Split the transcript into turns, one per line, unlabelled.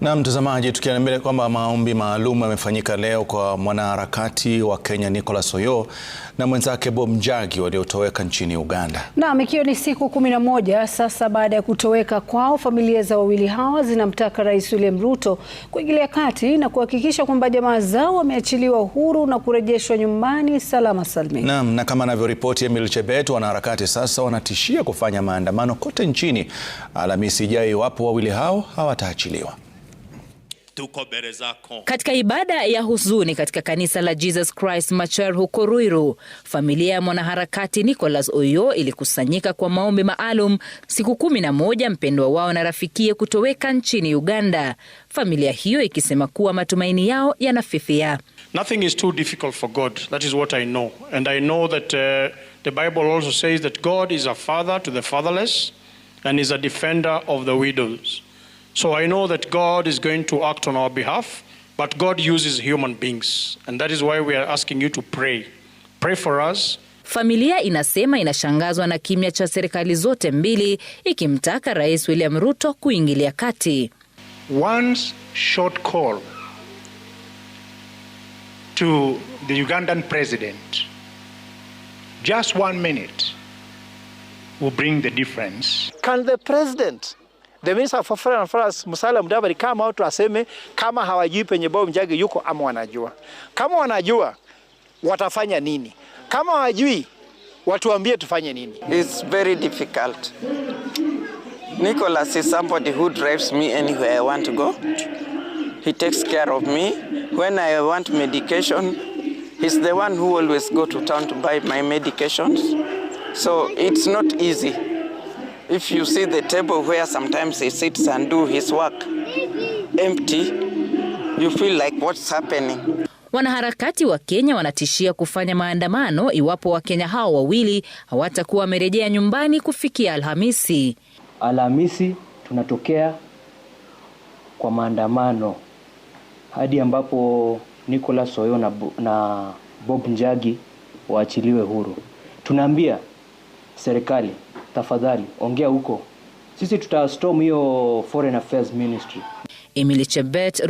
Na mtazamaji, tukienda mbele kwamba maombi maalum yamefanyika leo kwa mwanaharakati wa Kenya Nicholas Oyoo na mwenzake Bob Njagi waliotoweka nchini Uganda.
Naam, ikiwa ni siku kumi na moja sasa baada ya kutoweka kwao, familia za wawili hawa zinamtaka Rais William Ruto kuingilia kati na kuhakikisha kwamba jamaa zao wameachiliwa huru na kurejeshwa nyumbani salama salmini.
Naam, na kama anavyoripoti Emil Chebet, wanaharakati sasa wanatishia kufanya maandamano kote nchini Alhamisi ijayo iwapo wawili hao hawataachiliwa
tuko mbele zako. Katika ibada ya huzuni katika kanisa la Jesus Christ Machar huko Ruiru, familia ya mwanaharakati Nicholas Oyo ilikusanyika kwa maombi maalum siku kumi na moja mpendwa wao na rafikie kutoweka nchini Uganda, familia hiyo ikisema kuwa matumaini yao yanafifia.
Nothing is too difficult for God. That is what I know. And I know that uh, the Bible also says that God is a father to the fatherless and is a defender of the widows. So I know that God is going to act on our behalf, but God uses human beings. And that is why we are asking you to pray. Pray for us.
Familia inasema inashangazwa na kimya cha serikali zote mbili ikimtaka Rais William Ruto kuingilia kati.
One's short call to the Ugandan president. Just one minute will bring the difference.
Can the president The Minister for Foreign Affairs Musalia Mudavadi kama watu aseme kama hawajui penye Bob Njagi yuko ama wanajua. Kama wanajua watafanya nini? Kama hawajui watuambie tufanye nini?
It's very difficult. Nicholas is somebody who drives me anywhere I want to go. He takes care of me. When I want medication, he's the one who always go to town to buy my medications. So it's not easy. If you see the table where sometimes he sits and do his work empty, you feel like what's happening.
Wanaharakati wa Kenya wanatishia kufanya maandamano iwapo Wakenya hao wawili hawatakuwa wamerejea nyumbani kufikia Alhamisi.
Alhamisi tunatokea kwa maandamano hadi ambapo nicolas Oyo na, na Bob Njagi waachiliwe huru. Tunaambia serikali tafadhali ongea huko, sisi tutastorm hiyo Foreign Affairs Ministry. Emily Chebet.